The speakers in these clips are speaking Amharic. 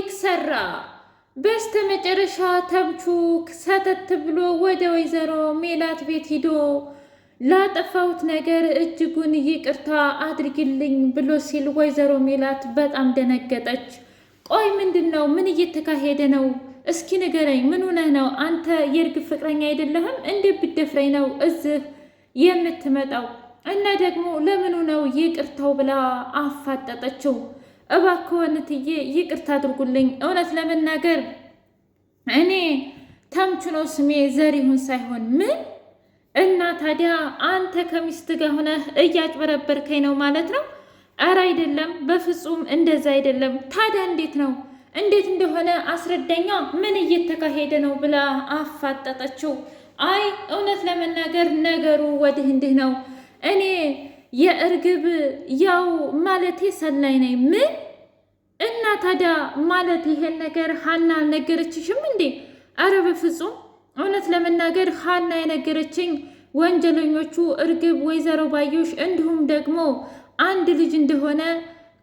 ታሪክ ሰራ። በስተ መጨረሻ ተምቹ ሰተት ብሎ ወደ ወይዘሮ ሜላት ቤት ሂዶ ላጠፋሁት ነገር እጅጉን ይቅርታ አድርግልኝ ብሎ ሲል ወይዘሮ ሜላት በጣም ደነገጠች። ቆይ ምንድን ነው? ምን እየተካሄደ ነው? እስኪ ንገረኝ፣ ምን ሆነህ ነው? አንተ የእርግብ ፍቅረኛ አይደለህም? እንዴት ብደፍረኝ ነው እዚህ የምትመጣው? እና ደግሞ ለምኑ ነው ይቅርታው ብላ አፋጠጠችው። እባክዎን እትዬ ይቅርታ አድርጉልኝ። እውነት ለመናገር እኔ ተምቹ ነው ስሜ ዘሪሁን ሳይሆን ምን እና ታዲያ አንተ ከሚስት ጋር ሆነህ እያጭበረበርከኝ ነው ማለት ነው? ኧረ አይደለም፣ በፍጹም እንደዛ አይደለም። ታዲያ እንዴት ነው? እንዴት እንደሆነ አስረዳኛ፣ ምን እየተካሄደ ነው ብላ አፋጠጠችው። አይ እውነት ለመናገር ነገሩ ወዲህ እንዲህ ነው እኔ የእርግብ ያው ማለቴ ሰናይ ነኝ። ምን እና ታዲያ ማለት ይሄን ነገር ሀና አልነገረችሽም እንዴ? አረ በፍጹም እውነት ለመናገር ሀና የነገረችኝ ወንጀለኞቹ እርግብ፣ ወይዘሮ ባዮሽ እንዲሁም ደግሞ አንድ ልጅ እንደሆነ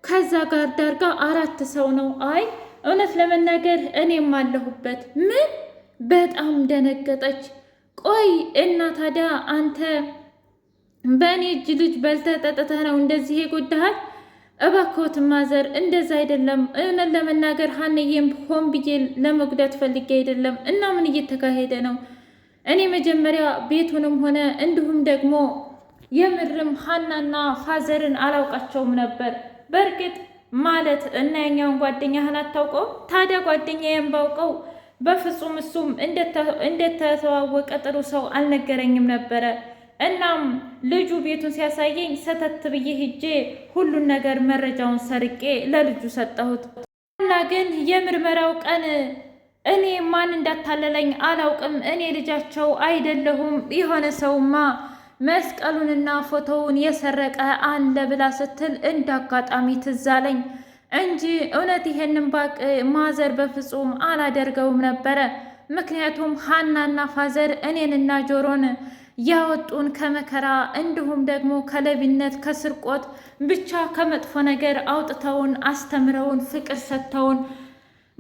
ከዛ ጋር ዳርጋ አራት ሰው ነው። አይ እውነት ለመናገር እኔም አለሁበት። ምን በጣም ደነገጠች። ቆይ እና ታዲያ አንተ በእኔ እጅ ልጅ በልተህ ጠጥተህ ነው እንደዚህ የጎዳሃል። እባክዎት ማዘር፣ እንደዛ አይደለም። እውነት ለመናገር ሀንዬም ሆን ብዬ ለመጉዳት ፈልጌ አይደለም። እና ምን እየተካሄደ ነው? እኔ መጀመሪያ ቤቱንም ሆነ እንዲሁም ደግሞ የምርም ሀናና ፋዘርን አላውቃቸውም ነበር። በእርግጥ ማለት እና የኛውን ጓደኛህን አታውቀው? ታዲያ ጓደኛዬን ባውቀው በፍጹም እሱም እንደተተዋወቀ ጥሩ ሰው አልነገረኝም ነበረ። እናም ልጁ ቤቱን ሲያሳየኝ ሰተት ብዬ ሂጄ ሁሉን ነገር መረጃውን ሰርቄ ለልጁ ሰጠሁት እና ግን የምርመራው ቀን እኔ ማን እንዳታለለኝ አላውቅም። እኔ ልጃቸው አይደለሁም። የሆነ ሰውማ መስቀሉንና ፎቶውን የሰረቀ አለ ብላ ስትል እንዳጋጣሚ ትዝ አለኝ እንጂ እውነት ይሄንን ባቅ ማዘር በፍጹም አላደርገውም ነበረ። ምክንያቱም ሀናና ፋዘር እኔንና ጆሮን ያወጡን ከመከራ እንዲሁም ደግሞ ከለቢነት ከስርቆት ብቻ ከመጥፎ ነገር አውጥተውን አስተምረውን ፍቅር ሰጥተውን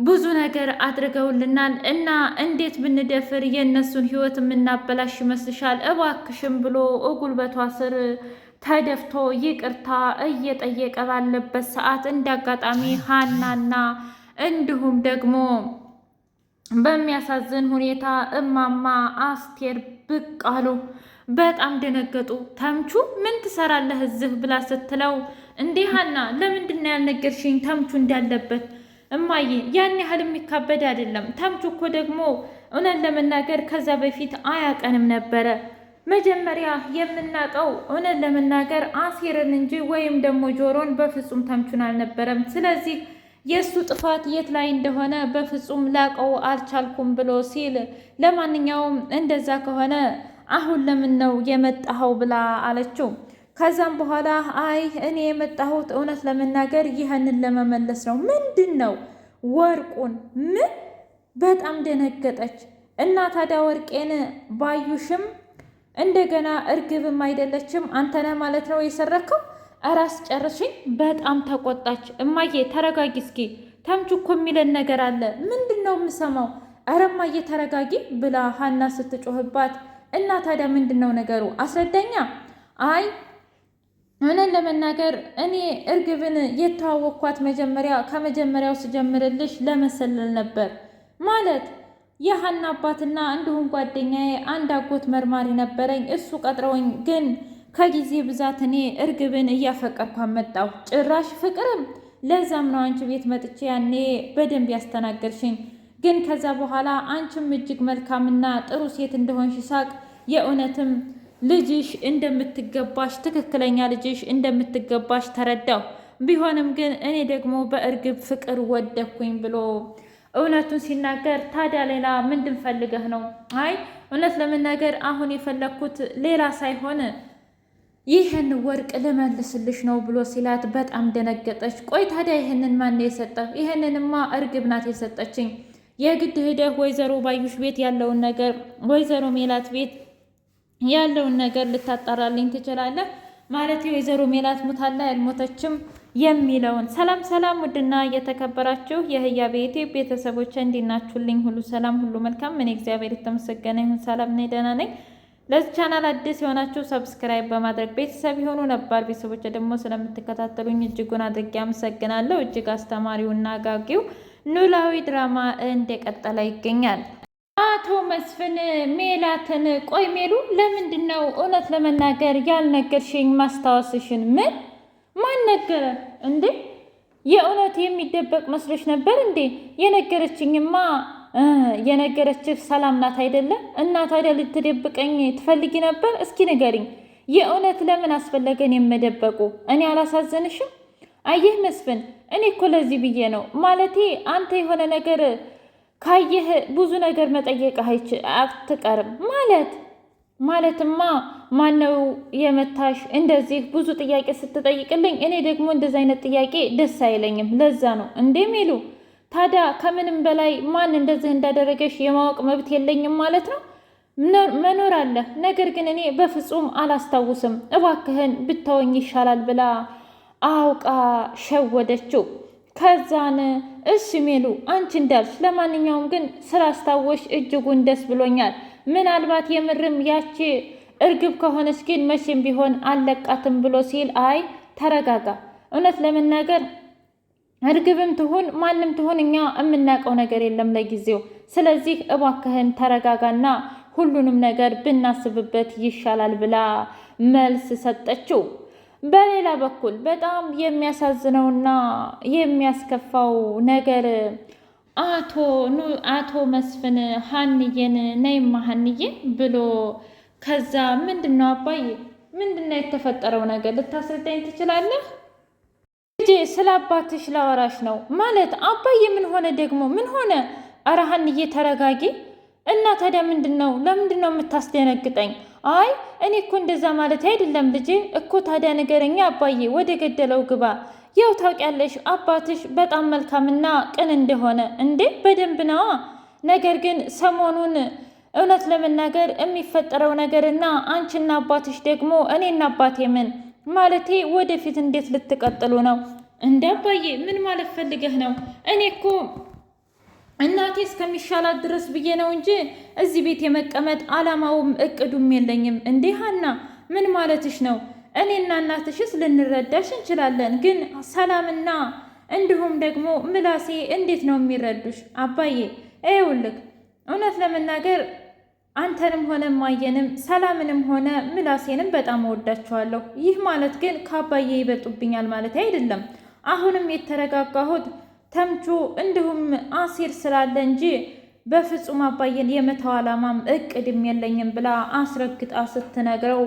ብዙ ነገር አድርገውልናል እና እንዴት ብንደፍር የእነሱን ህይወት የምናበላሽ ይመስልሻል? እባክሽም ብሎ እጉልበቷ ስር ተደፍቶ ይቅርታ እየጠየቀ ባለበት ሰዓት እንደ አጋጣሚ ሀናና እንዲሁም ደግሞ በሚያሳዝን ሁኔታ እማማ አስቴር ብቅ አሉ። በጣም ደነገጡ። ተምቹ ምን ትሰራለህ እዚህ ብላ ስትለው እንዴ ሀና ለምንድን ነው ያልነገርሽኝ ተምቹ እንዳለበት? እማዬ ያን ያህል የሚካበድ አይደለም። ተምቹ እኮ ደግሞ እውነት ለመናገር ከዛ በፊት አያቀንም ነበረ። መጀመሪያ የምናውቀው እውነት ለመናገር አሴርን እንጂ ወይም ደግሞ ጆሮን በፍጹም ተምቹን አልነበረም። ስለዚህ የእሱ ጥፋት የት ላይ እንደሆነ በፍጹም ላቀው አልቻልኩም ብሎ ሲል፣ ለማንኛውም እንደዛ ከሆነ አሁን ለምን ነው የመጣኸው ብላ አለችው። ከዛም በኋላ አይ እኔ የመጣሁት እውነት ለመናገር ይህንን ለመመለስ ነው። ምንድን ነው ወርቁን? ምን? በጣም ደነገጠች። እና ታዲያ ወርቄን ባዩሽም እንደገና እርግብም አይደለችም አንተነ ማለት ነው የሰረከው እራስ ጨርሽኝ። በጣም ተቆጣች። እማዬ ተረጋጊ እስኪ ተምቹ እኮ የሚለን ነገር አለ። ምንድን ነው የምሰማው? እረ እማዬ ተረጋጊ ብላ ሀና ስትጮህባት፣ እና ታዲያ ምንድን ነው ነገሩ? አስረዳኛ። አይ ምንን ለመናገር እኔ እርግብን የተዋወቅኳት መጀመሪያ ከመጀመሪያው ስጀምርልሽ ለመሰለል ነበር ማለት የሀና አባትና እንዲሁም ጓደኛዬ አንድ አጎት መርማሪ ነበረኝ። እሱ ቀጥረውኝ ግን ከጊዜ ብዛት እኔ እርግብን እያፈቀርኳ መጣሁ። ጭራሽ ፍቅርም ለዛም ነው አንቺ ቤት መጥቼ ያኔ በደንብ ያስተናገድሽኝ። ግን ከዛ በኋላ አንቺም እጅግ መልካምና ጥሩ ሴት እንደሆንሽ ሳቅ የእውነትም ልጅሽ እንደምትገባሽ ትክክለኛ ልጅሽ እንደምትገባሽ ተረዳሁ። ቢሆንም ግን እኔ ደግሞ በእርግብ ፍቅር ወደኩኝ ብሎ እውነቱን ሲናገር፣ ታዲያ ሌላ ምንድን ፈልገህ ነው? አይ እውነት ለመናገር አሁን የፈለግኩት ሌላ ሳይሆን ይህን ወርቅ ልመልስልሽ ነው ብሎ ሲላት በጣም ደነገጠች። ቆይ ታዲያ ይህንን ማን የሰጠህ? ይህንንማ እርግብ ናት የሰጠችኝ። የግድ ሂደህ ወይዘሮ ባዩሽ ቤት ያለውን ነገር ወይዘሮ ሜላት ቤት ያለውን ነገር ልታጣራልኝ ትችላለህ? ማለት የወይዘሮ ሜላት ሙታላ ያልሞተችም የሚለውን ሰላም ሰላም፣ ውድና እየተከበራችሁ የህያ ቤቴ ቤተሰቦች እንዲናችሁልኝ ሁሉ ሰላም፣ ሁሉ መልካም። እኔ እግዚአብሔር የተመሰገነ ይሁን ሰላም ነኝ፣ ደህና ነኝ። ለዚህ ቻናል አዲስ የሆናችሁ ሰብስክራይብ በማድረግ ቤተሰብ የሆኑ ነባር ቤተሰቦች ደግሞ ስለምትከታተሉኝ እጅጉን አድርጌ አመሰግናለሁ። እጅግ አስተማሪውና አጋጊው ኖላዊ ድራማ እንደቀጠለ ይገኛል። አቶ መስፍን ሜላትን ቆይ ሜሉ ለምንድን ነው እውነት ለመናገር ያልነገርሽኝ ማስታወስሽን? ምን ማን ነገረ እንዴ? የእውነት የሚደበቅ መስሎች ነበር እንዴ? የነገረችኝማ የነገረችህ ሰላም ናት አይደለም? እና ታዲያ ልትደብቀኝ ትፈልጊ ነበር? እስኪ ንገሪኝ፣ የእውነት ለምን አስፈለገን የመደበቁ? እኔ አላሳዘንሽም? አየህ መስፍን፣ እኔ እኮ ለዚህ ብዬ ነው ማለቴ፣ አንተ የሆነ ነገር ካየህ ብዙ ነገር መጠየቅ አትቀርም ማለት ማለትማ ማነው የመታሽ? እንደዚህ ብዙ ጥያቄ ስትጠይቅልኝ እኔ ደግሞ እንደዚህ አይነት ጥያቄ ደስ አይለኝም። ለዛ ነው እንዴ ሚሉ ታዲያ ከምንም በላይ ማን እንደዚህ እንዳደረገሽ የማወቅ መብት የለኝም ማለት ነው? መኖር አለ። ነገር ግን እኔ በፍጹም አላስታውስም፣ እባክህን ብታወኝ ይሻላል ብላ አውቃ ሸወደችው። ከዛን እሺ ሜሉ አንቺ እንዳልሽ፣ ለማንኛውም ግን ስላስታወሽ እጅጉን ደስ ብሎኛል። ምናልባት የምርም ያቺ እርግብ ከሆነች ግን መቼም ቢሆን አለቃትም ብሎ ሲል አይ ተረጋጋ፣ እውነት ለመናገር እርግብም ትሁን ማንም ትሁን እኛ የምናውቀው ነገር የለም ለጊዜው። ስለዚህ እባክህን ተረጋጋና ሁሉንም ነገር ብናስብበት ይሻላል ብላ መልስ ሰጠችው። በሌላ በኩል በጣም የሚያሳዝነውና የሚያስከፋው ነገር አቶ አቶ መስፍን ሀንዬን ነይማ ሀንዬ ብሎ ከዛ ምንድነው አባዬ ምንድነው የተፈጠረው ነገር ልታስረዳኝ ትችላለህ ልጄ ስለ አባትሽ ላወራሽ ነው። ማለት አባዬ ምን ሆነ ደግሞ ምን ሆነ? ኧረ ሀንዬ ተረጋጊ። እና ታዲያ ምንድን ነው ለምንድን ነው የምታስደነግጠኝ? አይ እኔ እኮ እንደዛ ማለት አይደለም ልጄ እኮ ታዲያ ነገረኛ አባዬ ወደ ገደለው ግባ። ያው ታውቂያለሽ አባትሽ በጣም መልካምና ቅን እንደሆነ። እንዴ በደንብ ነዋ። ነገር ግን ሰሞኑን እውነት ለመናገር የሚፈጠረው ነገርና አንቺና አባትሽ ደግሞ እኔና አባቴ ምን ማለቴ ወደፊት እንዴት ልትቀጥሉ ነው? እንደ አባዬ ምን ማለት ፈልገህ ነው? እኔ እኮ እናቴ እስከሚሻላት ድረስ ብዬ ነው እንጂ እዚህ ቤት የመቀመጥ አላማውም እቅዱም የለኝም። እንዴ ሀና ምን ማለትሽ ነው? እኔና እናትሽስ ልንረዳሽ እንችላለን፣ ግን ሰላምና እንዲሁም ደግሞ ምላሴ እንዴት ነው የሚረዱሽ? አባዬ ይኸውልህ እውነት ለመናገር አንተንም ሆነ ማየንም ሰላምንም ሆነ ምላሴንም በጣም ወዳቸዋለሁ ይህ ማለት ግን ከአባዬ ይበልጡብኛል ማለት አይደለም። አሁንም የተረጋጋሁት ተምቹ እንዲሁም አሲር ስላለ እንጂ በፍጹም አባዬን የመተው አላማም እቅድም የለኝም ብላ አስረግጣ ስትነግረው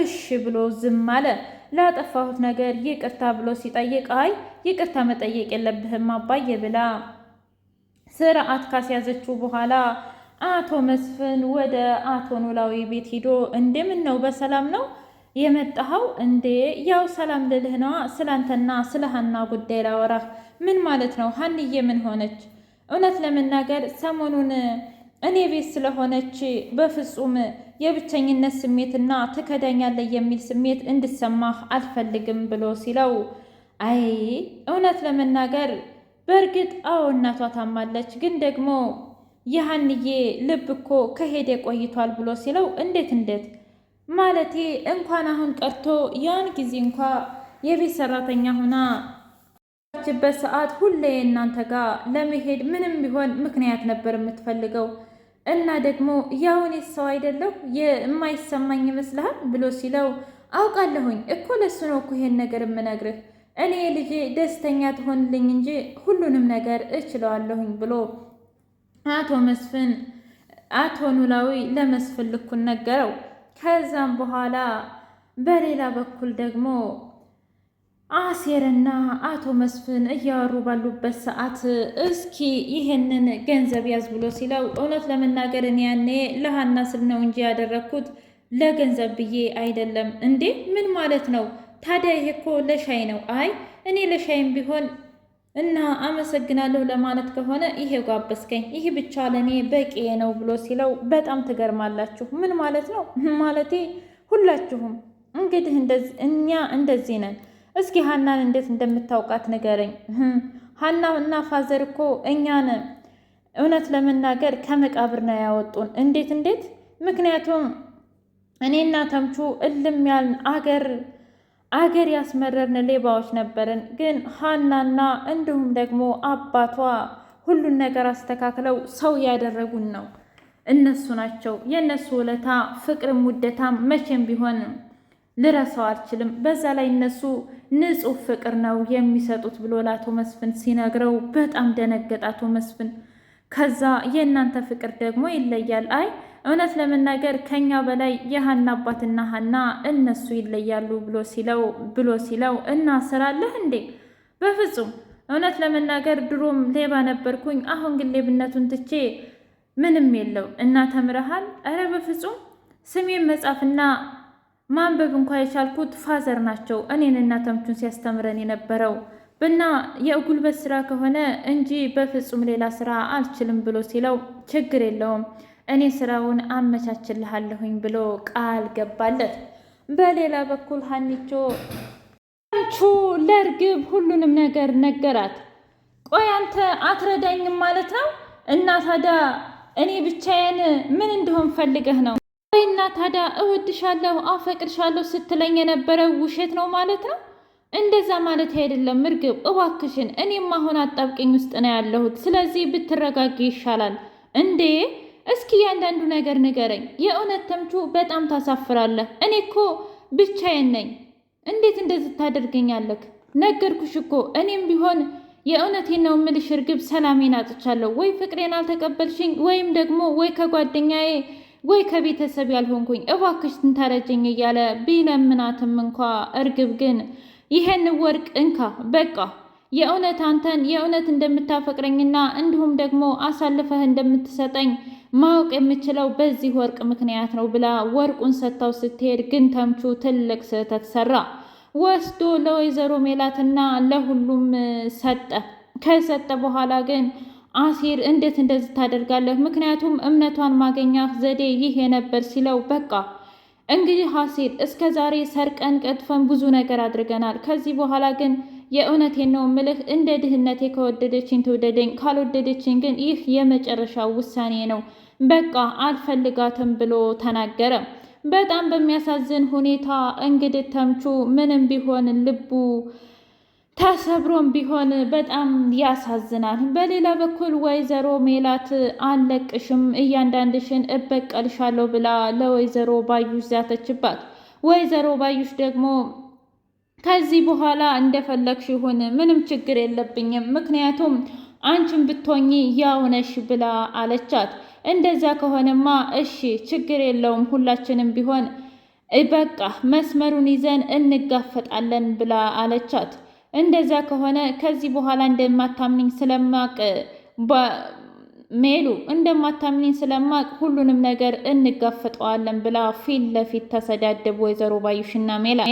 እሺ ብሎ ዝም አለ። ላጠፋሁት ነገር ይቅርታ ብሎ ሲጠይቅ አይ ይቅርታ መጠየቅ የለብህም አባዬ ብላ ስርዓት ካስያዘችው በኋላ አቶ መስፍን ወደ አቶ ኖላዊ ቤት ሂዶ እንደምን ነው በሰላም ነው የመጣኸው እንዴ? ያው ሰላም ልልህ ነዋ። ስላንተና ስለ ሀና ጉዳይ ላወራህ። ምን ማለት ነው? ሀንዬ ምን ሆነች? እውነት ለመናገር ሰሞኑን እኔ ቤት ስለሆነች በፍጹም የብቸኝነት ስሜትና ትከዳኛለህ የሚል ስሜት እንድሰማህ አልፈልግም ብሎ ሲለው፣ አይ እውነት ለመናገር በእርግጥ አዎ እናቷ ታማለች፣ ግን ደግሞ የሀንዬ ልብ እኮ ከሄደ ቆይቷል ብሎ ሲለው እንዴት እንዴት ማለቴ እንኳን አሁን ቀርቶ ያን ጊዜ እንኳ የቤት ሰራተኛ ሁና ችበት ሰዓት ሁሌ እናንተ ጋር ለመሄድ ምንም ቢሆን ምክንያት ነበር የምትፈልገው እና ደግሞ ያሁን ሰው አይደለሁ የማይሰማኝ ይመስልሃል ብሎ ሲለው አውቃለሁኝ እኮ ለሱ ነው እኮ ይሄን ነገር የምነግርህ እኔ ልጄ ደስተኛ ትሆንልኝ እንጂ ሁሉንም ነገር እችለዋለሁኝ ብሎ አቶ መስፍን አቶ ኖላዊ ለመስፍን ልኩን ነገረው። ከዛም በኋላ በሌላ በኩል ደግሞ አሴርና አቶ መስፍን እያወሩ ባሉበት ሰዓት እስኪ ይህንን ገንዘብ ያዝ ብሎ ሲለው እውነት ለመናገር እኔ ያኔ ለሀና ስል ነው እንጂ ያደረግኩት ለገንዘብ ብዬ አይደለም። እንዴ ምን ማለት ነው ታዲያ? ይሄ እኮ ለሻይ ነው። አይ እኔ ለሻይም ቢሆን እና አመሰግናለሁ ለማለት ከሆነ ይሄ ጓበስከኝ፣ ይህ ብቻ ለእኔ በቂ ነው ብሎ ሲለው በጣም ትገርማላችሁ። ምን ማለት ነው? ማለቴ ሁላችሁም እንግዲህ እኛ እንደዚህ ነን። እስኪ ሀናን እንዴት እንደምታውቃት ንገረኝ። ሀና እና ፋዘር እኮ እኛን እውነት ለመናገር ከመቃብር ነው ያወጡን። እንዴት እንዴት? ምክንያቱም እኔና ተምቹ እልም ያልን አገር አገር ያስመረርን ሌባዎች ነበርን። ግን ሀናና እንዲሁም ደግሞ አባቷ ሁሉን ነገር አስተካክለው ሰው ያደረጉን ነው እነሱ ናቸው። የእነሱ ውለታ ፍቅርም ውደታም መቼም ቢሆን ልረሳው አልችልም። በዛ ላይ እነሱ ንጹሕ ፍቅር ነው የሚሰጡት ብሎ ለአቶ መስፍን ሲነግረው በጣም ደነገጠ አቶ መስፍን። ከዛ የእናንተ ፍቅር ደግሞ ይለያል። አይ እውነት ለመናገር ከኛ በላይ የሀና አባትና ሀና እነሱ ይለያሉ ብሎ ሲለው ብሎ ሲለው እና ስራለህ እንዴ? በፍጹም እውነት ለመናገር ድሮም ሌባ ነበርኩኝ። አሁን ግን ሌብነቱን ትቼ ምንም የለው እና ተምረሃል? እረ በፍጹም ስሜን መጻፍና ማንበብ እንኳ የቻልኩት ፋዘር ናቸው እኔን እና ተምቹን ሲያስተምረን የነበረው ብና የጉልበት ስራ ከሆነ እንጂ በፍጹም ሌላ ስራ አልችልም ብሎ ሲለው ችግር የለውም እኔ ስራውን አመቻችልሃለሁኝ ብሎ ቃል ገባለት። በሌላ በኩል ሀኒቾ አንቹ ለእርግብ ሁሉንም ነገር ነገራት። ቆይ አንተ አትረዳኝም ማለት ነው እና ታዲያ እኔ ብቻዬን ምን እንደሆን ፈልገህ ነው? ቆይ እና ታዲያ እወድሻለሁ፣ አፈቅድሻለሁ ስትለኝ የነበረው ውሸት ነው ማለት ነው? እንደዛ ማለት አይደለም እርግብ፣ እባክሽን እኔም አሁን አጣብቂኝ ውስጥ ነው ያለሁት። ስለዚህ ብትረጋጊ ይሻላል እንዴ እስኪ ያንዳንዱ ነገር ንገረኝ። የእውነት ተምቹ በጣም ታሳፍራለህ። እኔ እኮ ብቻዬን ነኝ። እንዴት እንደዚህ ታደርገኛለህ? ነገርኩሽ እኮ እኔም ቢሆን የእውነቴን ነው የምልሽ እርግብ፣ ሰላሜን አጥቻለሁ። ወይ ፍቅሬን አልተቀበልሽኝ፣ ወይም ደግሞ ወይ ከጓደኛዬ ወይ ከቤተሰብ ያልሆንኩኝ እባክሽ ትንታረጀኝ እያለ ቢለምናትም እንኳ እርግብ ግን ይሄን ወርቅ እንካ፣ በቃ የእውነት አንተን የእውነት እንደምታፈቅረኝና እንዲሁም ደግሞ አሳልፈህ እንደምትሰጠኝ ማወቅ የምችለው በዚህ ወርቅ ምክንያት ነው ብላ ወርቁን ሰጥታው ስትሄድ ግን ተምቹ ትልቅ ስህተት ሰራ። ወስዶ ለወይዘሮ ሜላትና ለሁሉም ሰጠ። ከሰጠ በኋላ ግን አሲር እንዴት እንደዚህ ታደርጋለህ? ምክንያቱም እምነቷን ማገኛ ዘዴ ይህ የነበር ሲለው በቃ እንግዲህ አሲር እስከ ዛሬ ሰርቀን ቀጥፈን ብዙ ነገር አድርገናል። ከዚህ በኋላ ግን የእውነቴን ነው ምልህ እንደ ድህነቴ ከወደደችኝ ትውደደኝ፣ ካልወደደችኝ ግን ይህ የመጨረሻው ውሳኔ ነው፣ በቃ አልፈልጋትም ብሎ ተናገረ። በጣም በሚያሳዝን ሁኔታ እንግዲህ ተምቹ ምንም ቢሆን ልቡ ተሰብሮም ቢሆን በጣም ያሳዝናል። በሌላ በኩል ወይዘሮ ሜላት አለቅሽም እያንዳንድሽን እበቀልሻለሁ ብላ ለወይዘሮ ባዩሽ ዛተችባት። ወይዘሮ ባዩሽ ደግሞ ከዚህ በኋላ እንደፈለግሽ ይሁን፣ ምንም ችግር የለብኝም፣ ምክንያቱም አንቺም ብትሆኚ ያው ነሽ ብላ አለቻት። እንደዚያ ከሆነማ እሺ ችግር የለውም፣ ሁላችንም ቢሆን በቃ መስመሩን ይዘን እንጋፈጣለን ብላ አለቻት። እንደዚያ ከሆነ ከዚህ በኋላ እንደማታምኝ ስለማቅ ሜሉ እንደማታምኝ ስለማቅ ሁሉንም ነገር እንጋፈጠዋለን ብላ ፊት ለፊት ተሰዳደቡ ወይዘሮ ባዩሽና ሜላ